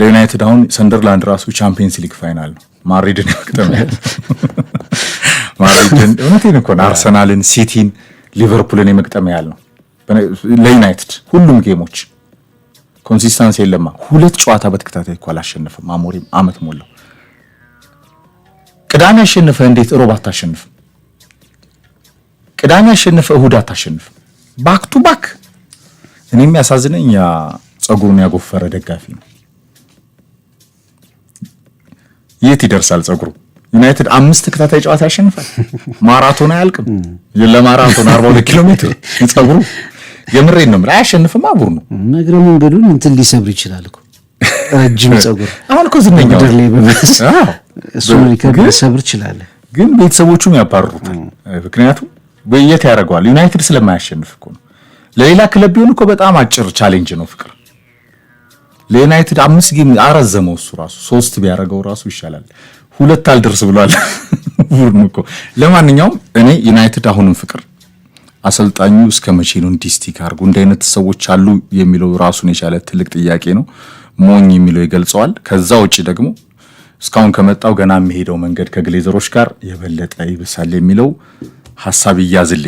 ለዩናይትድ አሁን ሰንደርላንድ ራሱ ቻምፒየንስ ሊግ ፋይናል ነው። ማድሪድን ማድሪድን እውነቴን እኮ አርሰናልን፣ ሲቲን፣ ሊቨርፑልን የመቅጠም ያህል ነው። ለዩናይትድ ሁሉም ጌሞች ኮንሲስታንስ የለማ። ሁለት ጨዋታ በተከታታይ እኮ አላሸንፍም አሞሪም አመት ሞላው። ቅዳሜ አሸንፈ እንዴት ሮብ አታሸንፍም? ቅዳሜ አሸንፈ እሁድ አታሸንፍም? ባክ ቱ ባክ። እኔ የሚያሳዝነኝ ጸጉሩን ያጎፈረ ደጋፊ ነው። የት ይደርሳል ጸጉሩ? ዩናይትድ አምስት ተከታታይ ጨዋታ ያሸንፋል። ማራቶን አያልቅም። ለማራቶን 42 ኪሎ ሜትር ጸጉሩ የምሬን ነው የምልህ። አያሸንፍም። አጉር ነው እግረ መንገዱን እንትን ሊሰብር ይችላል እኮ ረጅም ጸጉር። አሁን እኮ ድር ላይ በመስ እሱ ሊሰብር ይችላል፣ ግን ቤተሰቦቹም ያባርሩታል። ምክንያቱም በየት ያደርገዋል ዩናይትድ ስለማያሸንፍ እኮ ነው። ለሌላ ክለብ ቢሆን እኮ በጣም አጭር ቻሌንጅ ነው ፍቅር ለዩናይትድ አምስት ጌም አረዘመው። እሱ ራሱ ሶስት ቢያደርገው ራሱ ይሻላል። ሁለት አልደርስ ብሏል ቡድን እኮ። ለማንኛውም እኔ ዩናይትድ አሁንም ፍቅር አሰልጣኙ እስከ መቼ ነው እንዲስቲክ አድርጎ እንዲህ አይነት ሰዎች አሉ የሚለው ራሱን የቻለ ትልቅ ጥያቄ ነው። ሞኝ የሚለው ይገልጸዋል። ከዛ ውጭ ደግሞ እስካሁን ከመጣው ገና የሚሄደው መንገድ ከግሌዘሮች ጋር የበለጠ ይብሳል የሚለው ሀሳብ ይያዝልኝ።